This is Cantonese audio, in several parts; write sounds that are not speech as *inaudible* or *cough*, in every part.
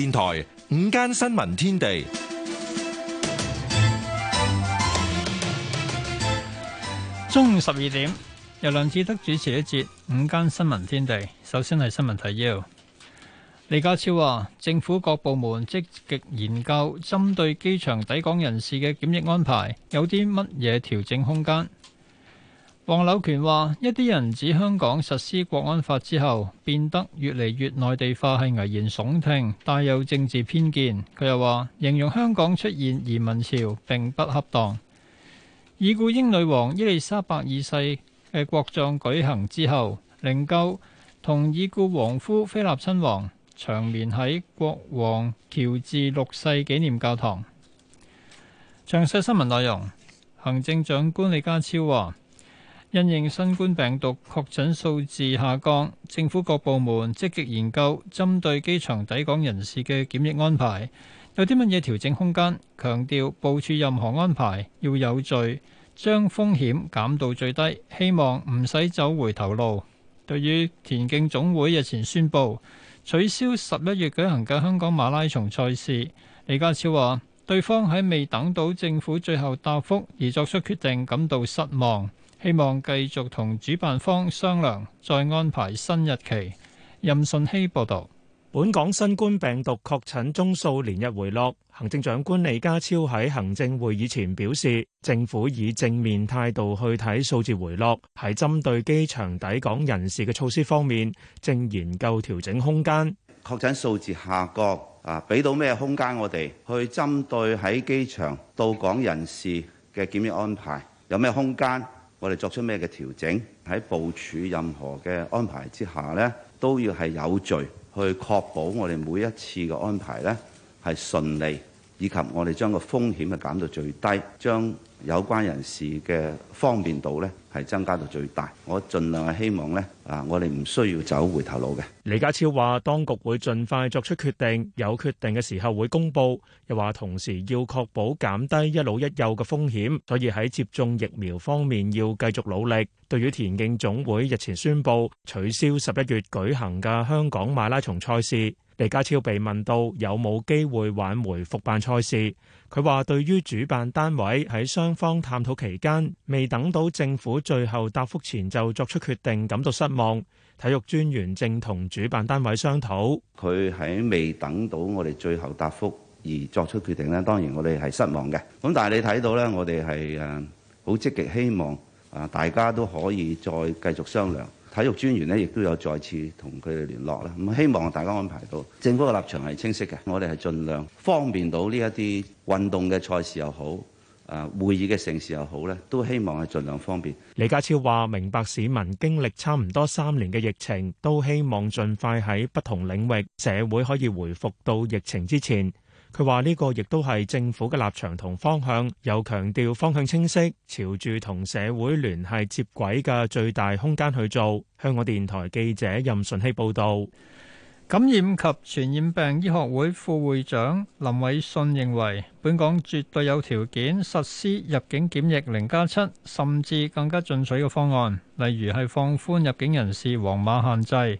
電台午間新聞天地，中午十二點由梁志德主持一節午間新聞天地。首先係新聞提要，李家超話政府各部門積極研究針對機場抵港人士嘅檢疫安排，有啲乜嘢調整空間。黃柳權話：一啲人指香港實施國安法之後變得越嚟越內地化，係危言聳聽，帶有政治偏見。佢又話形容香港出現移民潮，並不恰當。已故英女王伊麗莎白二世嘅國葬舉行之後，靈柩同已故王夫菲臘親王長眠喺國王喬治六世紀念教堂。詳細新聞內容，行政長官李家超話。因應新冠病毒確診數字下降，政府各部門積極研究針對機場抵港人士嘅檢疫安排，有啲乜嘢調整空間？強調部署任何安排要有序，將風險減到最低，希望唔使走回頭路。對於田徑總會日前宣布取消十一月舉行嘅香港馬拉松賽事，李家超話對方喺未等到政府最後答覆而作出決定，感到失望。希望繼續同主辦方商量，再安排新日期。任信希報導。本港新冠病毒確診宗數連日回落。行政長官李家超喺行政會議前表示，政府以正面態度去睇數字回落，喺針對機場抵港人士嘅措施方面，正研究調整空間。確診數字下降啊，俾到咩空間我哋去針對喺機場到港人士嘅檢疫安排，有咩空間？我哋作出咩嘅調整？喺部署任何嘅安排之下呢，都要係有序去確保我哋每一次嘅安排呢係順利，以及我哋將個風險嘅減到最低，將。有關人士嘅方便度呢係增加到最大。我盡量係希望呢，啊，我哋唔需要走回頭路嘅。李家超話，當局會盡快作出決定，有決定嘅時候會公佈。又話同時要確保減低一老一幼嘅風險，所以喺接種疫苗方面要繼續努力。對於田徑總會日前宣布取消十一月舉行嘅香港馬拉松賽事，李家超被問到有冇機會挽回復辦賽事，佢話：對於主辦單位喺雙方探討期間，未等到政府最後答覆前就作出決定，感到失望。體育專員正同主辦單位商討，佢喺未等到我哋最後答覆而作出決定呢，當然我哋係失望嘅。咁但係你睇到咧，我哋係誒好積極，希望啊大家都可以再繼續商量。體育專員呢，亦都有再次同佢哋聯絡啦。咁希望大家安排到。政府嘅立場係清晰嘅，我哋係盡量方便到呢一啲運動嘅賽事又好，啊會議嘅盛事又好咧，都希望係盡量方便。李家超話：明白市民經歷差唔多三年嘅疫情，都希望盡快喺不同領域社會可以回復到疫情之前。佢話：呢個亦都係政府嘅立場同方向，有強調方向清晰，朝住同社會聯繫接軌嘅最大空間去做。香港電台記者任順希報導。感染及傳染病醫學會副會長林偉信認為，本港絕對有條件實施入境檢疫零加七，7，甚至更加進取嘅方案，例如係放寬入境人士黃碼限制。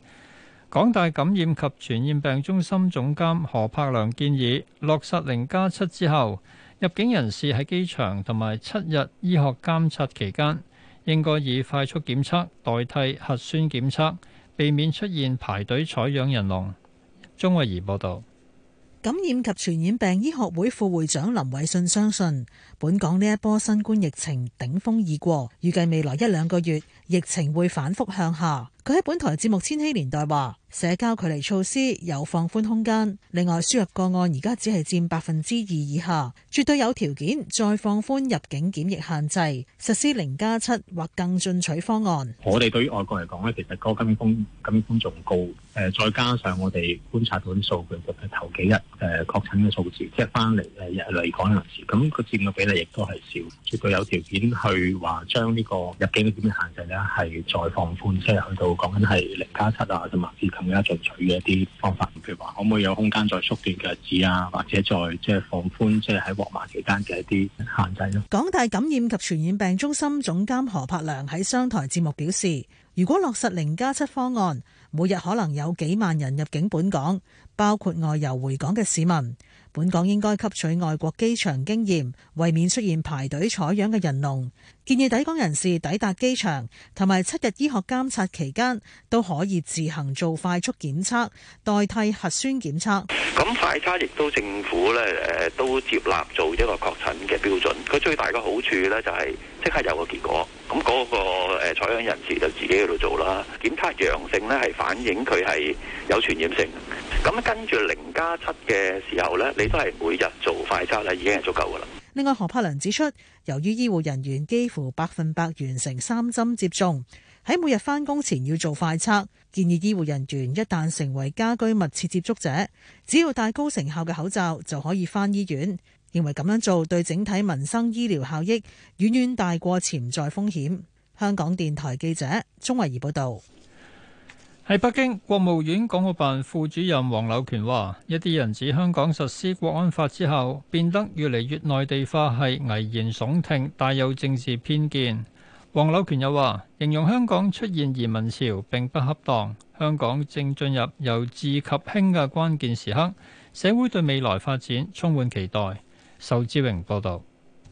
港大感染及傳染病中心總監何柏良建議，落實零加七之後，入境人士喺機場同埋七日醫學監察期間，應該以快速檢測代替核酸檢測，避免出現排隊採樣人龍。鍾慧儀報道：感染及傳染病醫學會副會長林偉信相信，本港呢一波新冠疫情頂峰已過，預計未來一兩個月疫情會反覆向下。佢喺本台節目《千禧年代》話，社交距離措施有放寬空間，另外，輸入個案而家只係佔百分之二以下，絕對有條件再放寬入境檢疫限制，實施零加七或更進取方案。我哋對於外國嚟講咧，其實個金風金風仲高，誒，再加上我哋觀察到啲數據，據嘅頭幾日誒確診嘅數字，即係翻嚟誒日嚟港人士，咁佢佔嘅比例亦都係少，絕對有條件去話將呢個入境嘅檢疫限制咧係再放寬即係去到。講緊係零加七啊，同埋至更加進取嘅一啲方法，譬如話可唔可以有空間再縮短嘅日子啊，或者再即係放寬，即係喺黃碼期間嘅一啲限制咯。港大感染及傳染病中心總監何柏良喺商台節目表示，如果落實零加七方案，每日可能有幾萬人入境本港，包括外遊回港嘅市民。本港應該吸取外國機場經驗，為免出現排隊採樣嘅人龍，建議抵港人士抵達機場同埋七日醫學監察期間都可以自行做快速檢測，代替核酸檢測。咁快測亦都政府咧，誒都接納做一個確診嘅標準，佢最大嘅好處咧就係、是。即刻有個結果，咁嗰個誒採樣人士就自己喺度做啦。檢測陽性咧，係反映佢係有傳染性。咁跟住零加七嘅時候咧，你都係每日做快測啦，已經係足夠噶啦。另外，何柏良指出，由於醫護人員幾乎百分百完成三針接種，喺每日返工前要做快測，建議醫護人員一旦成為家居密切接觸者，只要戴高成效嘅口罩就可以返醫院。認為咁樣做對整體民生醫療效益遠遠大過潛在風險。香港電台記者鍾慧儀報道。喺北京，國務院港澳辦副主任黃柳權話，一啲人指香港實施國安法之後變得越嚟越內地化，係危言聳聽，大有政治偏見。黃柳權又話，形容香港出現移民潮並不恰當，香港正進入由治及興嘅關鍵時刻，社會對未來發展充滿期待。仇志榮報道。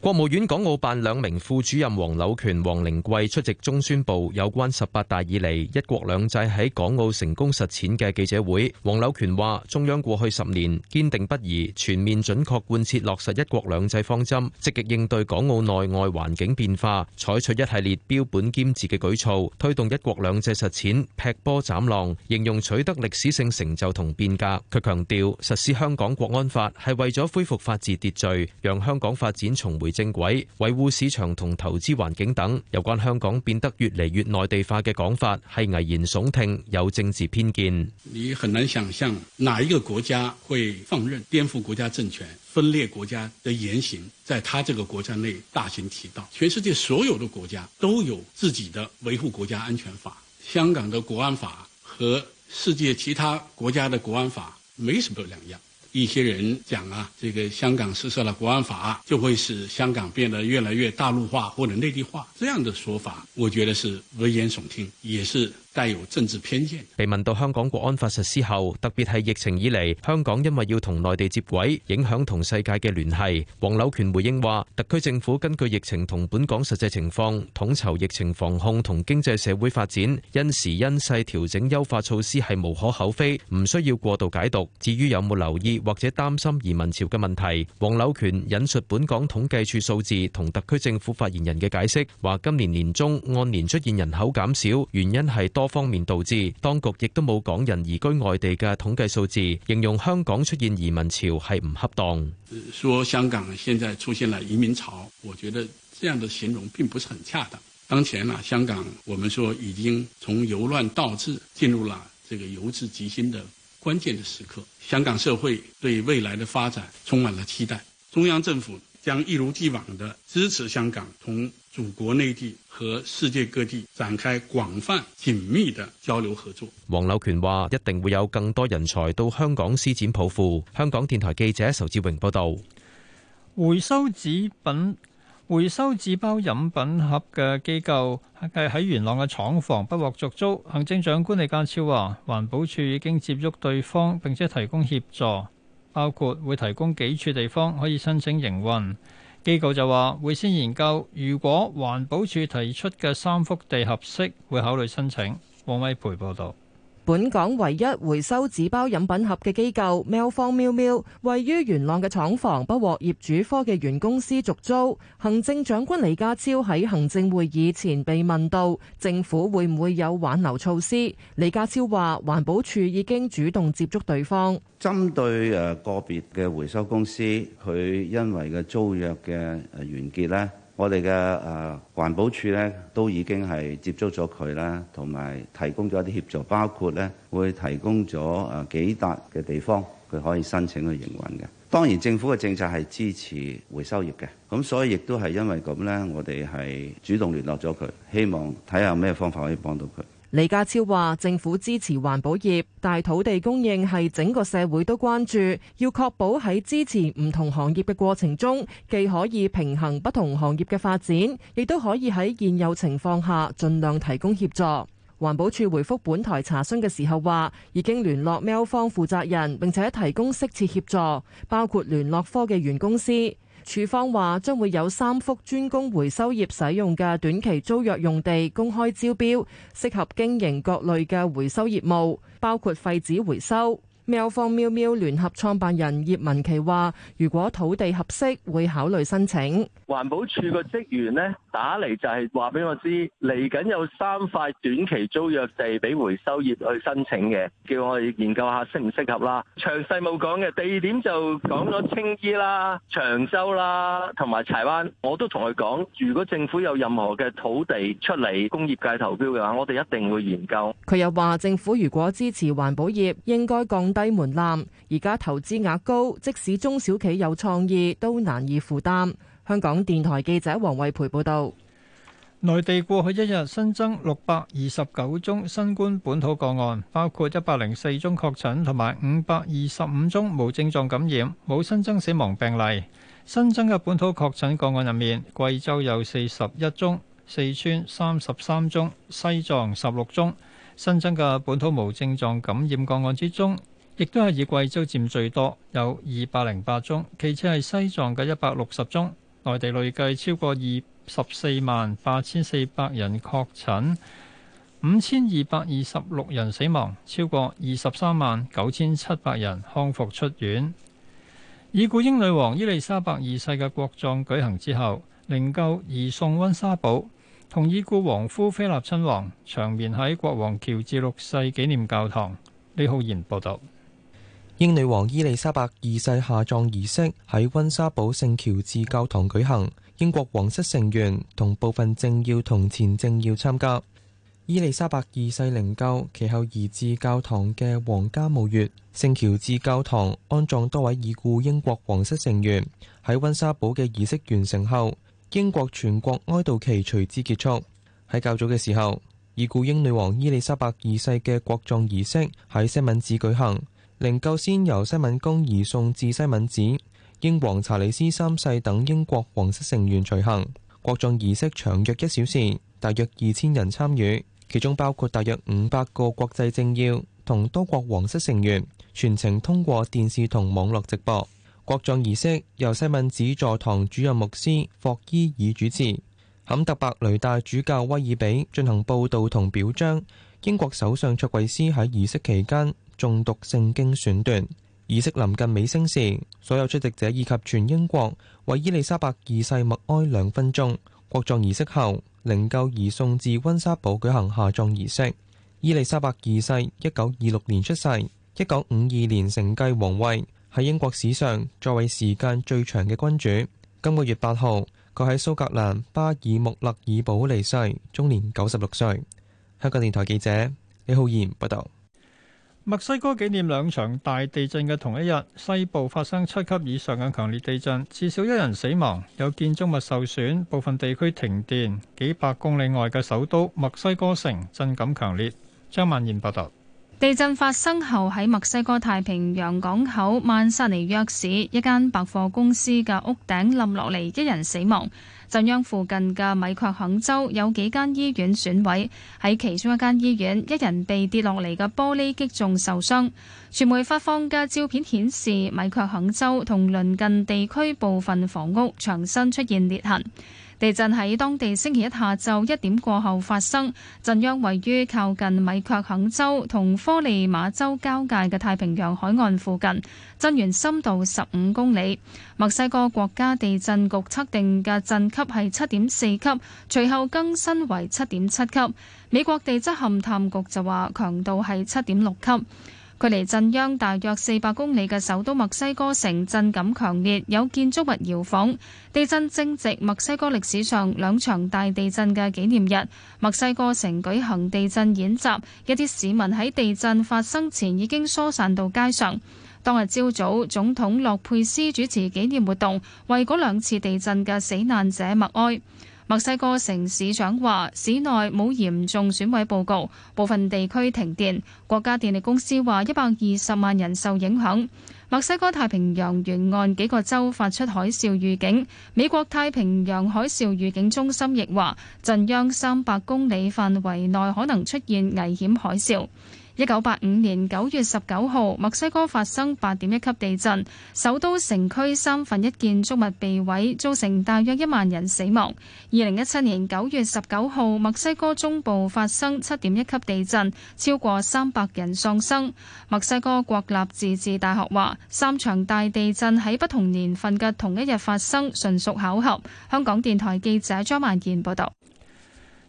國務院港澳辦兩名副主任黃柳權、王靈桂出席中宣部有關十八大以嚟一國兩制喺港澳成功實踐嘅記者會。黃柳權話：中央過去十年堅定不移、全面準確貫徹落實一國兩制方針，積極應對港澳內外環境變化，採取一系列標本兼治嘅舉措，推動一國兩制實踐劈波斬浪，形容取得歷史性成就同變革。佢強調，實施香港國安法係為咗恢復法治秩序，讓香港發展重回。正軌，維護市場同投資環境等。有關香港變得越嚟越內地化嘅講法，係危言聳聽，有政治偏見。你很難想象哪一個國家會放任顛覆國家政權、分裂國家的言行，在他這個國家內大行其道。全世界所有的國家都有自己的維護國家安全法，香港的國安法和世界其他國家的國安法沒什麼兩樣。一些人講啊，這個香港實施了國安法，就會使香港變得越來越大陸化或者內地化，這樣的說法，我覺得是危言聳聽，也是，帶有政治偏見。被問到香港國安法實施後，特別係疫情以嚟，香港因為要同內地接軌，影響同世界嘅聯繫，黃柳權回應話：特區政府根據疫情同本港實際情況，統籌疫情防控同經濟社會發展，因時因勢調整優化措施係無可厚非，唔需要過度解讀。至於有冇留意或者擔心移民潮嘅問題，黃柳權引述本港統計處數字同特區政府發言人嘅解釋，話今年年中按年出現人口減少，原因係多。方面導致，當局亦都冇港人移居外地嘅統計數字，形容香港出現移民潮係唔恰當。説香港現在出現了移民潮，我覺得這樣的形容並不是很恰當。當前啊，香港，我們說已經從由亂到治進入了這個由治及興的關鍵的時刻。香港社會對未來的發展充滿了期待。中央政府。將一如既往的支持香港，同祖國內地和世界各地展開廣泛緊密嘅交流合作。黃柳權話，一定會有更多人才到香港施展抱負。香港電台記者仇志榮報道。回收紙品、回收紙包飲品盒嘅機構係喺元朗嘅廠房不獲續租。行政長官李家超話，環保署已經接觸對方，並且提供協助。包括會提供幾處地方可以申請營運，機構就話會先研究，如果環保署提出嘅三幅地合適，會考慮申請。王偉培報導。本港唯一回收紙包飲品盒嘅機構喵坊 Mil Mill 位於元朗嘅廠房不獲業主科技園公司續租。行政長官李家超喺行政會議前被問到政府會唔會有挽留措施？李家超話：環保署已經主動接觸對方，針對誒個別嘅回收公司，佢因為嘅租約嘅誒完結咧。我哋嘅誒環保處咧，都已經係接觸咗佢啦，同埋提供咗一啲協助，包括咧會提供咗誒幾達嘅地方，佢可以申請去營運嘅。當然政府嘅政策係支持回收業嘅，咁所以亦都係因為咁咧，我哋係主動聯絡咗佢，希望睇下有咩方法可以幫到佢。李家超話政府支持環保業，但土地供應係整個社會都關注，要確保喺支持唔同行業嘅過程中，既可以平衡不同行業嘅發展，亦都可以喺現有情況下盡量提供協助。環保署回覆本台查詢嘅時候話，已經聯絡喵坊負責人，並且提供適切協助，包括聯絡科技園公司。署方話將會有三幅專供回收業使用嘅短期租約用地公開招標，適合經營各類嘅回收業務，包括廢紙回收。喵方喵喵聯合創辦人葉文琪話，如果土地合適，會考慮申請。環保署個職員呢，打嚟就係話俾我知，嚟緊有三塊短期租約地俾回收業去申請嘅，叫我哋研究下適唔適合啦。詳細冇講嘅地點就講咗青衣啦、長洲啦同埋柴灣。我都同佢講，如果政府有任何嘅土地出嚟，工業界投標嘅話，我哋一定會研究。佢又話，政府如果支持環保業，應該降低低門檻，而家投資額高，即使中小企有創意，都難以負擔。香港電台記者黃惠培報導。內地過去一日新增六百二十九宗新冠本土個案，包括一百零四宗確診同埋五百二十五宗無症狀感染，冇新增死亡病例。新增嘅本土確診個案入面，貴州有四十一宗，四川三十三宗，西藏十六宗。新增嘅本土無症狀感染個案之中，亦都係以貴州佔最多，有二百零八宗；其次係西藏嘅一百六十宗。內地累計超過二十四萬八千四百人確診，五千二百二十六人死亡，超過二十三萬九千七百人康復出院。已故英女王伊麗莎白二世嘅國葬舉行之後，靈柩移送溫莎堡，同已故王夫菲臘親王長眠喺國王喬治六世紀念教堂。李浩然報導。英女王伊麗莎白二世下葬儀式喺温莎堡聖喬治教堂舉行，英國皇室成員同部分政要同前政要參加。伊麗莎白二世靈柩其後移至教堂嘅皇家墓穴聖喬治教堂安葬多位已故英國皇室成員。喺温莎堡嘅儀式完成後，英國全國哀悼期隨之結束。喺較早嘅時候，已故英女王伊麗莎白二世嘅國葬儀式喺西敏寺舉行。靈柩先由西敏宮移送至西敏寺，英皇查理斯三世等英國皇室成員隨行。國葬儀式長約一小時，大約二千人參與，其中包括大約五百個國際政要同多國皇室成員。全程通過電視同網絡直播。國葬儀式由西敏寺座堂主任牧師霍伊爾主持，坎特伯雷大主教威爾比進行報道同表彰。英國首相卓慧思喺儀式期間，誦讀聖經選段，儀式臨近尾聲時，所有出席者以及全英國為伊麗莎白二世默哀兩分鐘。國葬儀式後，靈柩移送至溫莎堡舉行下葬儀式。伊麗莎白二世一九二六年出世，一九五二年承繼皇位，喺英國史上在位時間最長嘅君主。今個月八號，佢喺蘇格蘭巴爾穆勒爾堡離世，終年九十六歲。香港電台記者李浩然報道。墨西哥紀念兩場大地震嘅同一日，西部發生七級以上嘅強烈地震，至少一人死亡，有建築物受損，部分地區停電。幾百公里外嘅首都墨西哥城震感強烈。張曼燕報道。地震發生後，喺墨西哥太平洋港口曼薩尼約市一間百貨公司嘅屋頂冧落嚟，一人死亡。震央附近嘅米卻肯州有幾間醫院損毀，喺其中一間醫院，一人被跌落嚟嘅玻璃擊中受傷。傳媒發放嘅照片顯示，米卻肯州同鄰近地區部分房屋牆身出現裂痕。地震喺當地星期一下晝一點過後發生，震央位於靠近米卻肯州同科利馬州交界嘅太平洋海岸附近，震源深度十五公里。墨西哥國家地震局測定嘅震級係七點四級，隨後更新為七點七級。美國地質勘探局就話強度係七點六級。距離震央大約四百公里嘅首都墨西哥城震感強烈，有建築物搖晃。地震正值墨西哥歷史上兩場大地震嘅紀念日，墨西哥城舉行地震演習，一啲市民喺地震發生前已經疏散到街上。當日朝早，總統洛佩斯主持紀念活動，為嗰兩次地震嘅死難者默哀。墨西哥城市長話，市內冇嚴重損毀報告，部分地區停電。國家電力公司話，一百二十萬人受影響。墨西哥太平洋沿岸幾個州發出海嘯預警，美國太平洋海嘯預警中心亦話，震央三百公里範圍內可能出現危險海嘯。1985年9月19號，墨西哥發生8.1級地震，首都城區三分一建築物被毀，造成大約1萬人死亡。2017年9月19號，墨西哥中部發生7.1級地震，超過300人喪生。墨西哥國立自治大學話，三場大地震喺不同年份嘅同一日發生，純屬巧合。香港電台記者張萬健報道。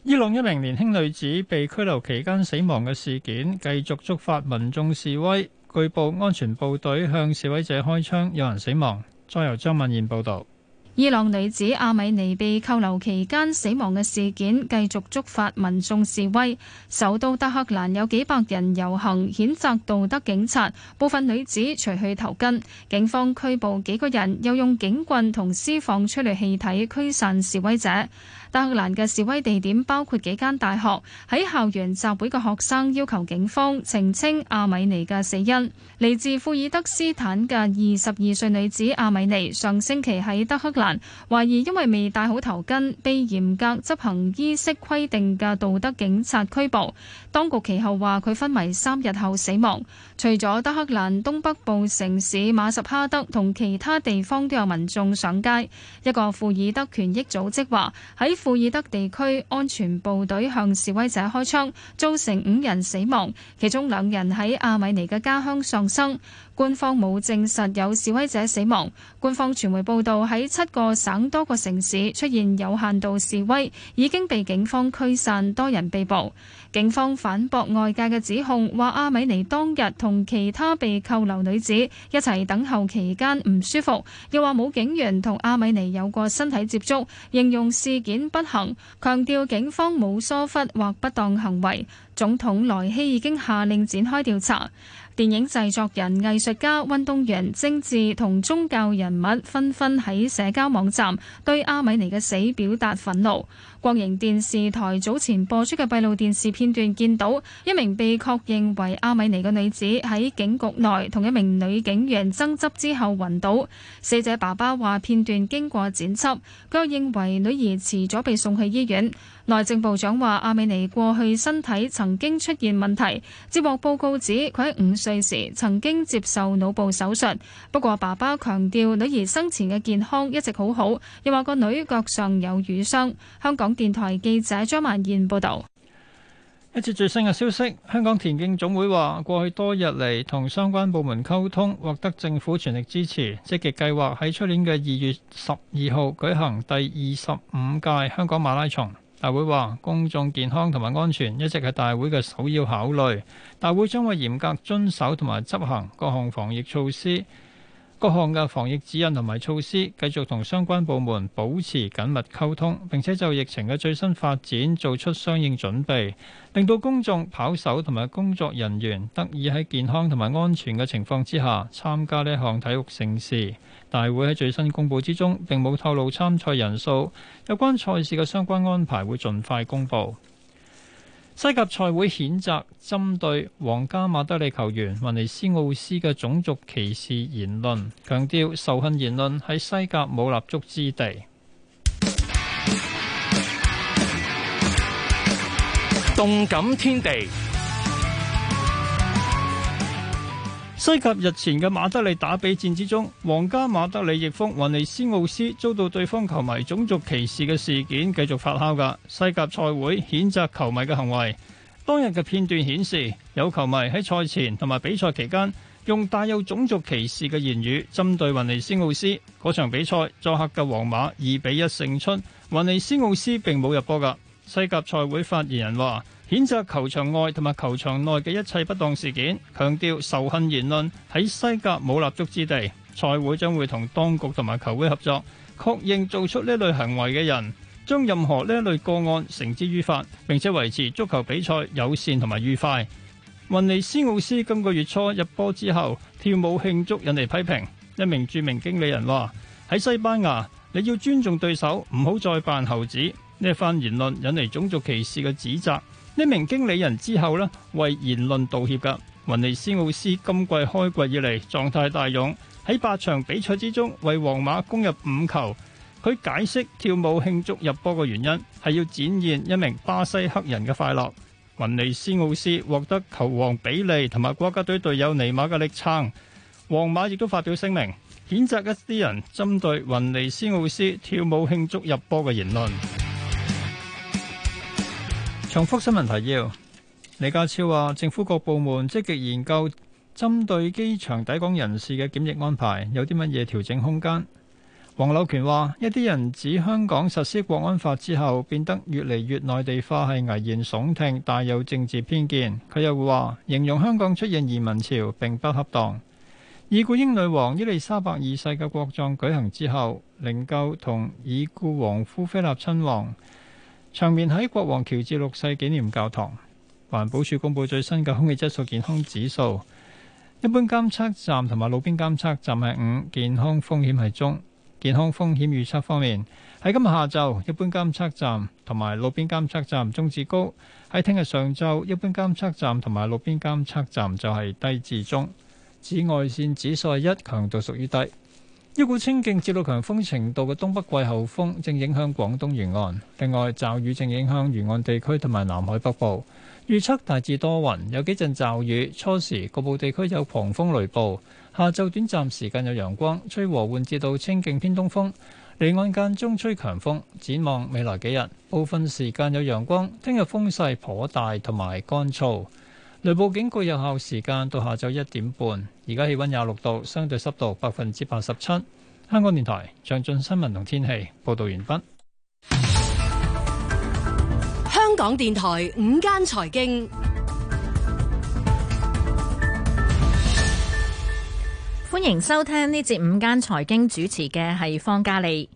伊朗一名年輕女子被拘留期間死亡嘅事件繼續觸發民眾示威，據報安全部隊向示威者開槍，有人死亡。再由張曼燕報導：伊朗女子阿米尼被扣留期間死亡嘅事件繼續觸發民眾示威，首都德黑蘭有幾百人遊行譴責道德警察，部分女子除去頭巾，警方拘捕幾個人，又用警棍同施放催淚氣體驅散示威者。德克蘭嘅示威地點包括幾間大學，喺校園集會嘅學生要求警方澄清阿米尼嘅死因。嚟自庫爾德斯坦嘅二十二歲女子阿米尼上星期喺德克蘭懷疑因為未戴好頭巾，被嚴格執行衣飾規定嘅道德警察拘捕。當局其後話佢昏迷三日後死亡。除咗德克蘭、東北部城市馬什哈德同其他地方都有民眾上街。一個庫爾德權益組織話喺庫爾德地區安全部隊向示威者開槍，造成五人死亡，其中兩人喺阿米尼嘅家鄉喪生。官方冇證實有示威者死亡。官方傳媒報道喺七個省多個城市出現有限度示威，已經被警方驅散，多人被捕。警方反駁外界嘅指控，話阿米尼當日同其他被扣留女子一齊等候期間唔舒服，又話冇警員同阿米尼有過身體接觸，形容事件不幸，強調警方冇疏忽或不當行為，總統萊希已經下令展開調查。電影製作人、藝術家、運動員、政治同宗教人物紛紛喺社交網站對阿米尼嘅死表達憤怒。國營電視台早前播出嘅閉路電視片段，見到一名被確認為阿米尼嘅女子喺警局內同一名女警員爭執之後暈倒。死者爸爸話片段經過剪輯，佢又認為女兒遲咗被送去醫院。內政部長話阿米尼過去身體曾經出現問題，接獲報告指佢喺五歲時曾經接受腦部手術。不過爸爸強調女兒生前嘅健康一直好好，又話個女腳上有瘀傷。香港電台記者張曼燕報道。一則最新嘅消息，香港田徑總會話，過去多日嚟，同相關部門溝通，獲得政府全力支持，積極計劃喺出年嘅二月十二號舉行第二十五屆香港馬拉松。大會話公眾健康同埋安全一直係大會嘅首要考慮，大會將會嚴格遵守同埋執行各項防疫措施。各項嘅防疫指引同埋措施，繼續同相關部門保持緊密溝通，並且就疫情嘅最新發展做出相應準備，令到公眾、跑手同埋工作人員得以喺健康同埋安全嘅情況之下參加呢項體育盛事。大會喺最新公佈之中並冇透露參賽人數，有關賽事嘅相關安排會盡快公佈。西甲賽會譴責針對皇家馬德里球員文尼斯奧斯嘅種族歧視言論，強調仇恨言論喺西甲冇立足之地。動感天地。西甲日前嘅馬德里打比戰之中，皇家馬德里翼鋒雲尼斯奧斯遭到對方球迷種族歧視嘅事件繼續發酵噶。西甲賽會譴責球迷嘅行為。當日嘅片段顯示，有球迷喺賽前同埋比賽期間用帶有種族歧視嘅言語針對雲尼斯奧斯。嗰場比賽作客嘅皇馬二比一勝出，雲尼斯奧斯並冇入波噶。西甲賽會發言人話。譴責球場外同埋球場內嘅一切不當事件，強調仇恨言論喺西甲冇立足之地。賽會將會同當局同埋球會合作，確認做出呢類行為嘅人，將任何呢一類個案繩之於法，並且維持足球比賽友善同埋愉快。雲尼斯奧斯今個月初入波之後跳舞慶祝，引嚟批評。一名著名經理人話：喺西班牙你要尊重對手，唔好再扮猴子。呢一番言論引嚟種族歧視嘅指責。一名經理人之後呢為言論道歉噶，雲尼斯奧斯今季開季以嚟狀態大勇，喺八場比賽之中為皇馬攻入五球。佢解釋跳舞慶祝入波嘅原因係要展現一名巴西黑人嘅快樂。雲尼斯奧斯獲得球王比利同埋國家隊隊友尼馬嘅力撐，皇馬亦都發表聲明譴責一啲人針對雲尼斯奧斯跳舞慶祝入波嘅言論。重複新聞提要。李家超話，政府各部門積極研究針對機場抵港人士嘅檢疫安排，有啲乜嘢調整空間。黃柳權話，一啲人指香港實施國安法之後，變得越嚟越內地化，係危言聳聽，帶有政治偏見。佢又話，形容香港出現移民潮，並不恰當。已故英女王伊利沙伯二世嘅國葬舉行之後，靈柩同已故王夫菲臘親王。場面喺國王喬治六世紀念教堂。環保署公布最新嘅空氣質素健康指數，一般監測站同埋路邊監測站係五，健康風險係中。健康風險預測方面，喺今日下晝，一般監測站同埋路邊監測站中至高；喺聽日上晝，一般監測站同埋路邊監測站就係低至中。紫外線指數係一，強度屬於低。一股清勁至到強風程度嘅東北季候風正影響廣東沿岸，另外驟雨正影響沿岸地區同埋南海北部。預測大致多雲，有幾陣驟雨，初時局部地區有狂風雷暴。下晝短暫時間有陽光，吹和緩至到清勁偏東風，離岸間中吹強風。展望未來幾日，部分時間有陽光，聽日風勢頗大同埋乾燥。雷暴警告有效時間到下晝一點半，而家氣溫廿六度，相對濕度百分之八十七。香港電台詳盡新聞同天氣報道完畢。香港電台午間財經，歡迎收聽呢節午間財經主持嘅係方嘉莉。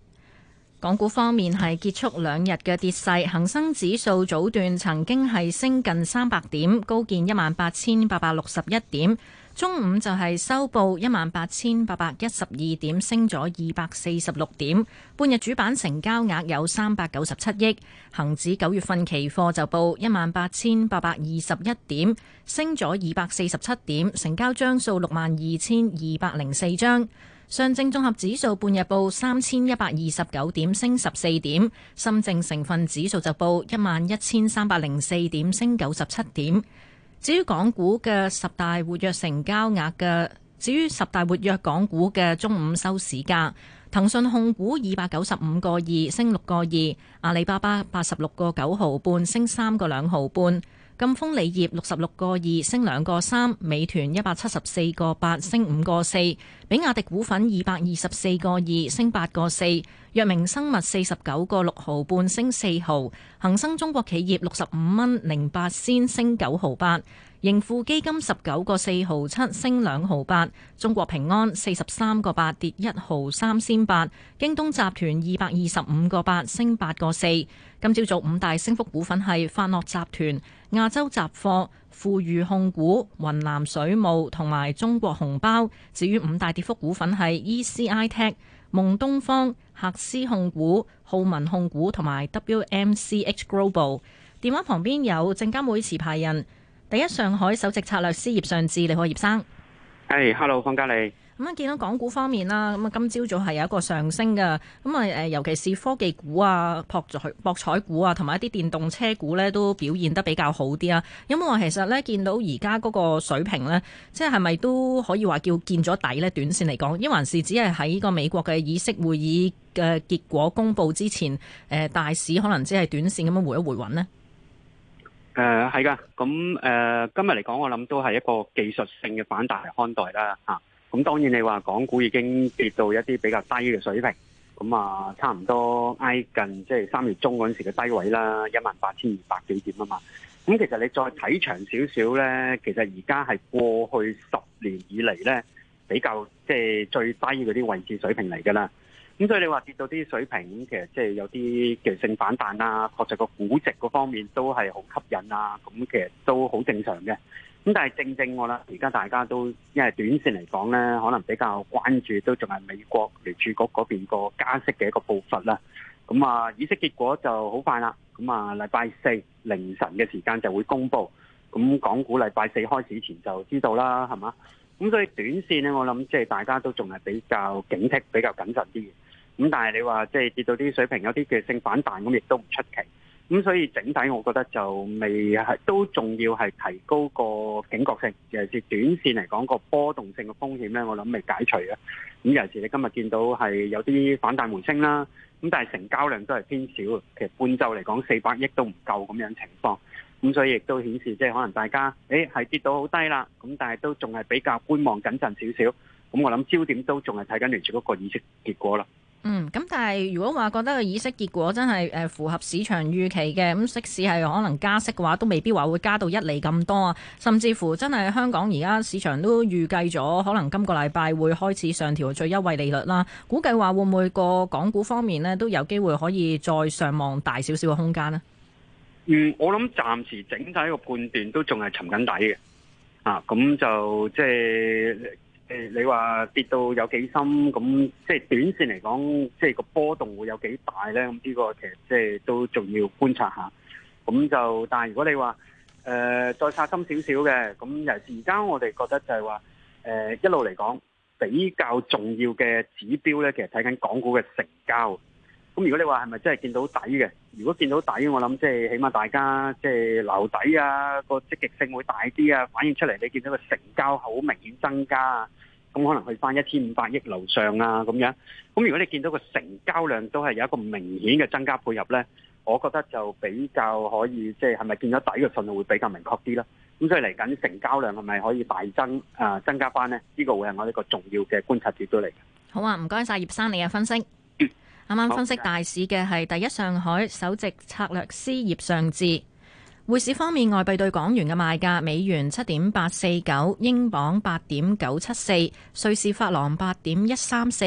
港股方面係結束兩日嘅跌勢，恒生指數早段曾經係升近三百點，高見一萬八千八百六十一點。中午就係收報一萬八千八百一十二點，升咗二百四十六點。半日主板成交額有三百九十七億，恒指九月份期貨就報一萬八千八百二十一點，升咗二百四十七點，成交張數六萬二千二百零四張。上證綜合指數半日報三千一百二十九點，升十四點；深證成分指數就報一萬一千三百零四點，升九十七點。至於港股嘅十大活躍成交額嘅，至於十大活躍港股嘅中午收市價，騰訊控股二百九十五個二，升六個二；阿里巴巴八十六個九毫半，升三個兩毫半。金峰鋰業六十六個二升兩個三，美團一百七十四個八升五個四，比亞迪股份二百二十四個二升八個四，藥明生物四十九個六毫半升四毫，恒生中國企業六十五蚊零八仙升九毫八。盈富基金十九個四毫七升兩毫八，中國平安四十三個八跌一毫三仙八，京東集團二百二十五個八升八個四。今朝早五大升幅股份係發樂集團、亞洲雜貨、富裕控股、雲南水務同埋中國紅包。至於五大跌幅股份係 E C I Tech、夢東方、核思控股、浩文控股同埋 W M C H Global。電話旁邊有證監會持牌人。第一上海首席策略師葉尚志，你好，葉生。係、hey,，hello，方嘉利。咁啊，見到港股方面啦，咁啊，今朝早係有一個上升嘅。咁啊，誒，尤其是科技股啊、博彩博彩股啊，同埋一啲電動車股咧，都表現得比較好啲啊。有、嗯、冇我其實咧，見到而家嗰個水平咧，即係係咪都可以話叫見咗底咧？短線嚟講，因還是只係喺呢個美國嘅議息會議嘅結果公布之前，誒、呃，大市可能只係短線咁樣回一回穩呢？誒，係噶、呃，咁誒、嗯呃，今日嚟講，我諗都係一個技術性嘅反彈嚟看待啦，吓、啊，咁、嗯、當然你話港股已經跌到一啲比較低嘅水平，咁、嗯、啊，差唔多挨近即係三月中嗰陣時嘅低位啦，一萬八千二百幾點啊嘛，咁、嗯、其實你再睇長少少咧，其實而家係過去十年以嚟咧比較即係、就是、最低嗰啲位置水平嚟噶啦。咁所以你話跌到啲水平，咁其實即係有啲技術性反彈啊，確實個估值嗰方面都係好吸引啊，咁其實都好正常嘅。咁但係正正我啦，而家大家都因為短線嚟講咧，可能比較關注都仲係美國聯儲局嗰邊個加息嘅一個步伐啦。咁啊，議息結果就好快啦。咁啊，禮拜四凌晨嘅時間就會公布。咁港股禮拜四開始前就知道啦，係嘛？咁所以短線咧，我諗即係大家都仲係比較警惕、比較謹慎啲嘅。咁但係你話即係跌到啲水平，有啲嘅性反彈咁亦都唔出奇。咁所以整體我覺得就未係都仲要係提高個警覺性。尤其是短線嚟講個波動性嘅風險咧，我諗未解除嘅。咁尤其是你今日見到係有啲反彈回升啦，咁但係成交量都係偏少。其實半晝嚟講四百億都唔夠，咁樣情況。咁所以亦都顯示即係可能大家誒係跌到好低啦。咁但係都仲係比較觀望謹慎少少。咁我諗焦點都仲係睇緊嚟住嗰個議息結果啦。嗯，咁但係如果話覺得個議息結果真係，誒符合市場預期嘅，咁即使係可能加息嘅話，都未必話會加到一厘咁多啊。甚至乎真係香港而家市場都預計咗，可能今個禮拜會開始上調最優惠利率啦。估計話會唔會個港股方面呢都有機會可以再上望大少少嘅空間呢？嗯，我諗暫時整體個判斷都仲係沉緊底嘅，啊，咁就即係。誒，你話跌到有幾深？咁即係短線嚟講，即係個波動會有幾大咧？咁呢個其實即係都仲要觀察下。咁就但係如果你話誒、呃、再刷深少少嘅，咁而而家我哋覺得就係話誒一路嚟講比較重要嘅指標咧，其實睇緊港股嘅成交。咁如果你話係咪真係見到底嘅？如果見到底，我諗即係起碼大家即係留底啊，個積極性會大啲啊，反映出嚟你見到個成交好明顯增加啊，咁可能去翻一千五百億樓上啊咁樣。咁如果你見到個成交量都係有一個明顯嘅增加配合咧，我覺得就比較可以即係係咪見到底嘅份量會比較明確啲啦。咁所以嚟緊成交量係咪可以大增啊、呃，增加翻咧？呢、呢個會係我哋一個重要嘅觀察點都嚟。好啊，唔該晒葉生你嘅分析。啱啱分析大市嘅係第一上海首席策略師葉尚志。匯市方面，外幣兌港元嘅賣價：美元七點八四九，英鎊八點九七四，瑞士法郎八點一三四。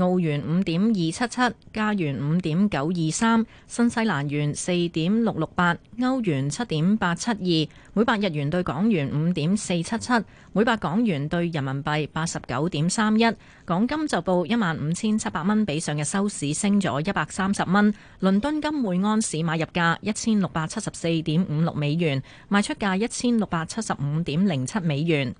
澳元五點二七七，加元五點九二三，新西蘭元四點六六八，歐元七點八七二，每百日元對港元五點四七七，每百港元對人民幣八十九點三一。港金就報一萬五千七百蚊，比上日收市升咗一百三十蚊。倫敦金每安士買入價一千六百七十四點五六美元，賣出價一千六百七十五點零七美元。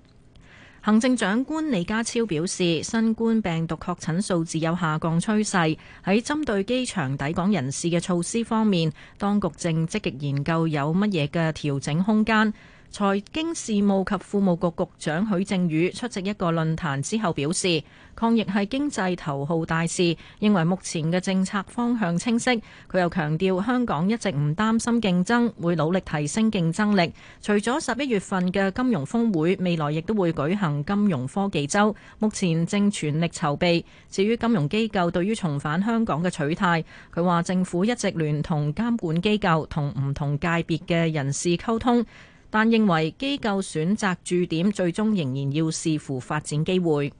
行政長官李家超表示，新冠病毒確診數字有下降趨勢。喺針對機場抵港人士嘅措施方面，當局正積極研究有乜嘢嘅調整空間。財經事務及庫務局局長許正宇出席一個論壇之後表示，抗疫係經濟頭號大事，認為目前嘅政策方向清晰。佢又強調，香港一直唔擔心競爭，會努力提升競爭力。除咗十一月份嘅金融峰會，未來亦都會舉行金融科技週，目前正全力籌備。至於金融機構對於重返香港嘅取態，佢話政府一直聯同監管機構同唔同界別嘅人士溝通。但認為機構選擇駐點，最終仍然要視乎發展機會。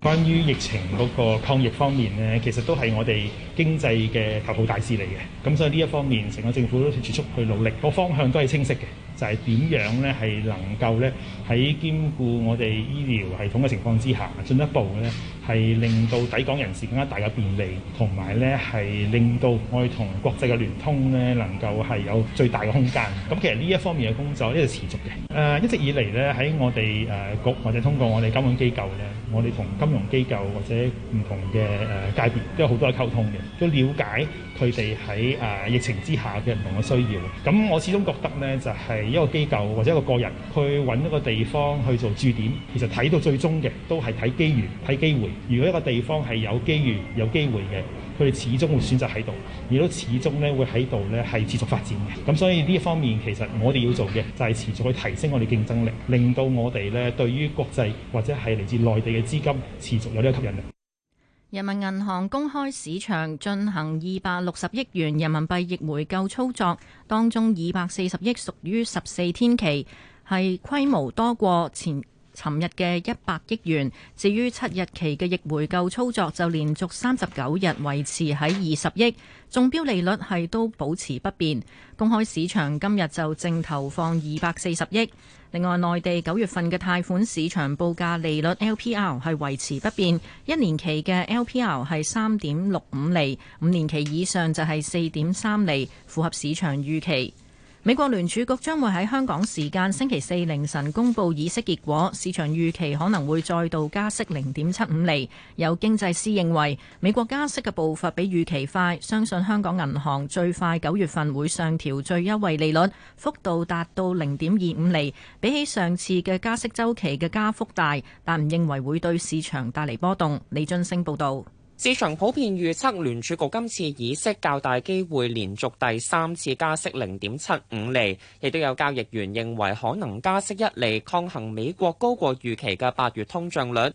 關於疫情嗰個抗疫方面呢，其實都係我哋經濟嘅頭號大事嚟嘅，咁所以呢一方面，成個政府都持續去努力，個方向都係清晰嘅。就係點樣咧，係能夠咧喺兼顧我哋醫療系統嘅情況之下，進一步咧係令到抵港人士更加大嘅便利，同埋咧係令到我哋同國際嘅聯通咧能夠係有最大嘅空間。咁其實呢一方面嘅工作呢，一直持續嘅。誒、啊、一直以嚟咧喺我哋誒、呃、局或者通過我哋金融機構咧，我哋同金融機構或者唔同嘅誒、呃、界別都有好多嘅溝通嘅，都了解。佢哋喺誒疫情之下嘅唔同嘅需要，咁我始終覺得呢，就係一個機構或者一個個人去揾一個地方去做駐點，其實睇到最終嘅都係睇機遇、睇機會。如果一個地方係有機遇、有機會嘅，佢哋始終會選擇喺度，亦都始終咧會喺度咧係持續發展嘅。咁所以呢一方面，其實我哋要做嘅就係持續去提升我哋競爭力，令到我哋咧對於國際或者係嚟自內地嘅資金持續有呢個吸引力。人民銀行公開市場進行二百六十億元人民幣逆回購操作，當中二百四十億屬於十四天期，係規模多過前。尋日嘅一百億元，至於七日期嘅逆回購操作就連續三十九日維持喺二十億，中標利率係都保持不變。公開市場今日就淨投放二百四十億。另外，內地九月份嘅貸款市場報價利率 LPR 係維持不變，一年期嘅 LPR 係三點六五厘，五年期以上就係四點三厘，符合市場預期。美國聯儲局將會喺香港時間星期四凌晨公布議息結果，市場預期可能會再度加息零點七五厘。有經濟師認為，美國加息嘅步伐比預期快，相信香港銀行最快九月份會上調最優惠利率，幅度達到零點二五厘，比起上次嘅加息週期嘅加幅大，但唔認為會對市場帶嚟波動。李津星報道。市場普遍預測聯儲局今次議息較大機會連續第三次加息0.75厘，亦都有交易員認為可能加息一厘，抗衡美國高過預期嘅八月通脹率。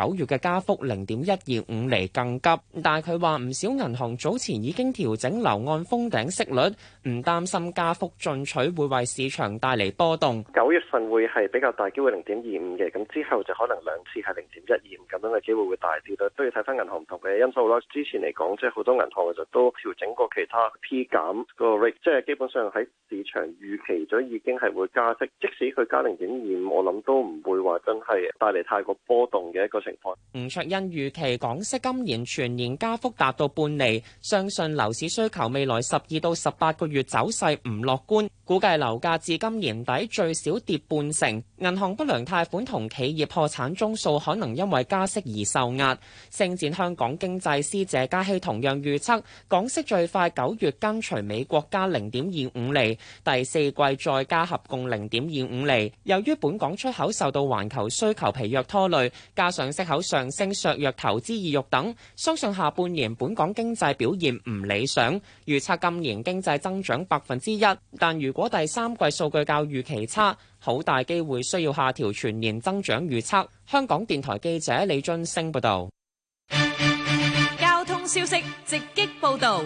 九月嘅加幅零點一二五厘更急，但係佢話唔少銀行早前已經調整樓按封頂息率，唔擔心加幅進取會為市場帶嚟波動。九月份會係比較大機會零點二五嘅，咁之後就可能兩次係零點一二五咁樣嘅機會會大啲咯，都要睇翻銀行唔同嘅因素啦。之前嚟講，即係好多銀行其實都調整過其他 P 減個 rate，即係基本上喺市場預期咗已經係會加息，即使佢加零點二五，我諗都唔會話真係帶嚟太過波動嘅一個程。吳卓恩預期港息今年全年加幅達到半厘，相信樓市需求未來十二到十八個月走勢唔樂觀，估計樓價至今年底最少跌半成。銀行不良貸款同企業破產宗數可能因為加息而受壓。盛展香港經濟師謝嘉熙同樣預測港息最快九月跟隨美國加零點二五厘，第四季再加合共零點二五厘。由於本港出口受到環球需求疲弱拖累，加上。出口上升、削弱投資意慾等，相信下半年本港經濟表現唔理想。預測今年經濟增長百分之一，但如果第三季數據較預期差，好大機會需要下調全年增長預測。香港電台記者李俊升報道。交通消息直擊報道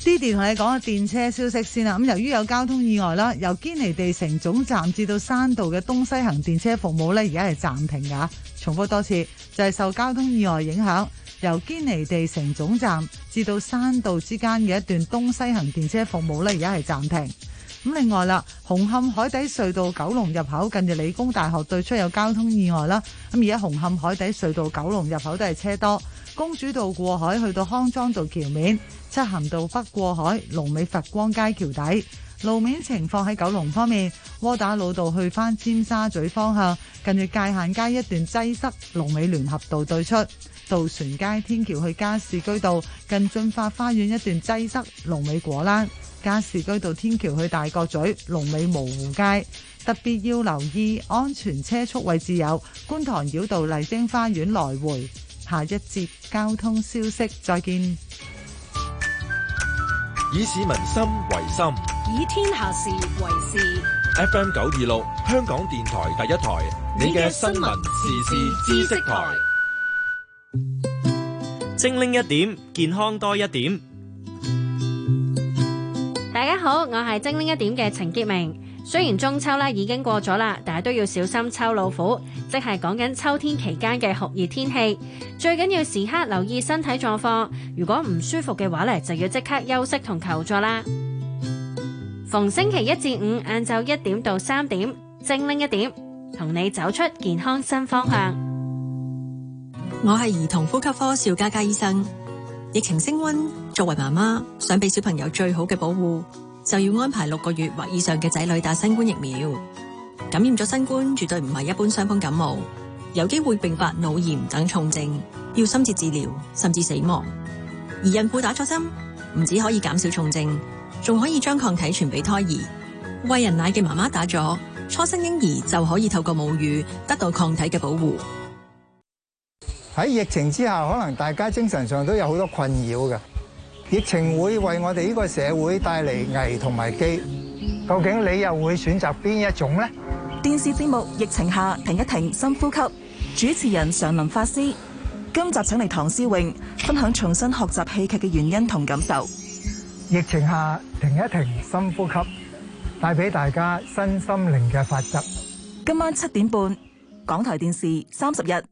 ，Diddy 同你講下電車消息先啦。咁由於有交通意外啦，由堅尼地城總站至到山道嘅東西行電車服務咧，而家係暫停噶。重複多次，就係受交通意外影響，由堅尼地城總站至到山道之間嘅一段東西行電車服務呢，而家係暫停。咁另外啦，紅磡海底隧道九龍入口近住理工大學對出有交通意外啦。咁而家紅磡海底隧道九龍入口都係車多。公主道過海去到康莊道橋面，漆咸道北過海龍尾佛光街橋底。路面情況喺九龍方面，窩打老道去返尖沙咀方向，近住界限街一段擠塞，龍尾聯合道對出，渡船街天橋去加士居道，近駿發花園一段擠塞，龍尾果欄，加士居道天橋去大角咀，龍尾蕪湖街。特別要留意安全車速位置有觀塘繞道麗晶花園來回。下一節交通消息，再見。以市民心為心。以天下事為事。FM 九二六，香港電台第一台，你嘅新聞時事知識台。精靈一點，健康多一點。大家好，我係精靈一點嘅程潔明。雖然中秋啦已經過咗啦，但係都要小心秋老虎，即係講緊秋天期間嘅酷熱天氣。最緊要時刻留意身體狀況，如果唔舒服嘅話咧，就要即刻休息同求助啦。逢星期一至五晏晝一點到三點，精靈一點，同你走出健康新方向。 *noise* 我係兒童呼吸科邵嘉嘉醫生。疫情升溫，作為媽媽想俾小朋友最好嘅保護，就要安排六個月或以上嘅仔女打新冠疫苗。感染咗新冠絕對唔係一般傷風感冒，有機會併發腦炎等重症，要深切治療甚至死亡。而孕婦打錯針唔止可以減少重症，仲可以將抗體傳俾胎兒，餵人奶嘅媽媽打咗，初生嬰兒就可以透過母乳得到抗體嘅保護。喺疫情之下，可能大家精神上都有好多困擾嘅，疫情會為我哋呢個社會帶嚟危同埋機，究竟你又會選擇邊一種呢？電視節目《疫情下停一停深呼吸》，主持人常林法師，今集請嚟唐詩詠分享重新學習戲劇嘅原因同感受。疫情下停一停，深呼吸，帶俾大家新心靈嘅法則。今晚七點半，港台電視三十日。